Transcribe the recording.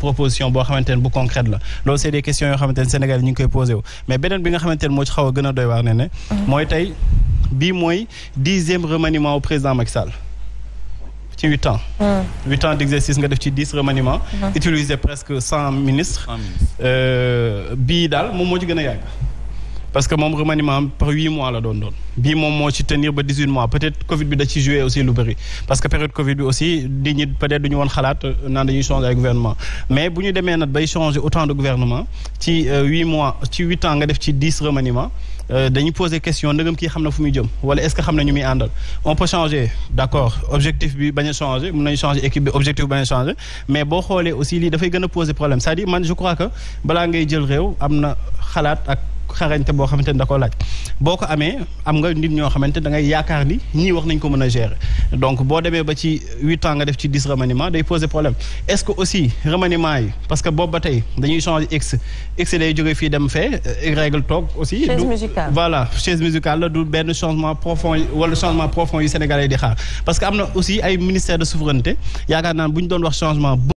proposition boo xamante ne bu concrète la loolu c'est des yoo xamante Sénégal yi ñu koy posé mais beneen bi nga xamante ne moo ci xaw a gën a doy waar ne mooy tey bii mooy dixième remaniement au président Macky Sall ci huit ans hmm. huit ans d'exercice nga def ci dix remaniements hmm. utiliser presque cent ministres euh, bii daal moom moo ci gën a yàgg parce que moom remaniement am par huit mois la doon doon bii moom moo ci tenir ba dix huit mois peut être Covid bi da ci joué aussi lu bëri parce que période Covid bi aussi nit ñi peut être du ñu woon xalaat euh, naan dañuy changer ay gouvernement mais bu ñu demee nag bay changer autant de gouvernement ci euh, huit mois ci huit ans nga def ci dix remaniement euh, dañu poser question ndëgam kii xam na fu muy jëm wala est ce que xam na ñu muy àndal on peut changer d' accord objectif bi bañ a changer mais boo xoolee aussi lii dafay gën a poser problème c'est-à-dire man je ngay jël réew am na xalaat ak xarañte boo xamante ni da ko laaj boo ko amee am nga nit ñoo xamante da ngay yaakaar ni ñii wax nañ ko mën a gérer donc boo demee ba ci huit ans nga def ci dix remaniement day poser problème est-ce que aussi remaniement yi parce que boobu tey dañuy changer x day jógee fii dem fee euh, règle toog aussi voilà chaise musicale du benn changement profond wala changement profond yu Sénégalais di xaar parce que am na aussi ay ministère de souveraineté yaakaar naan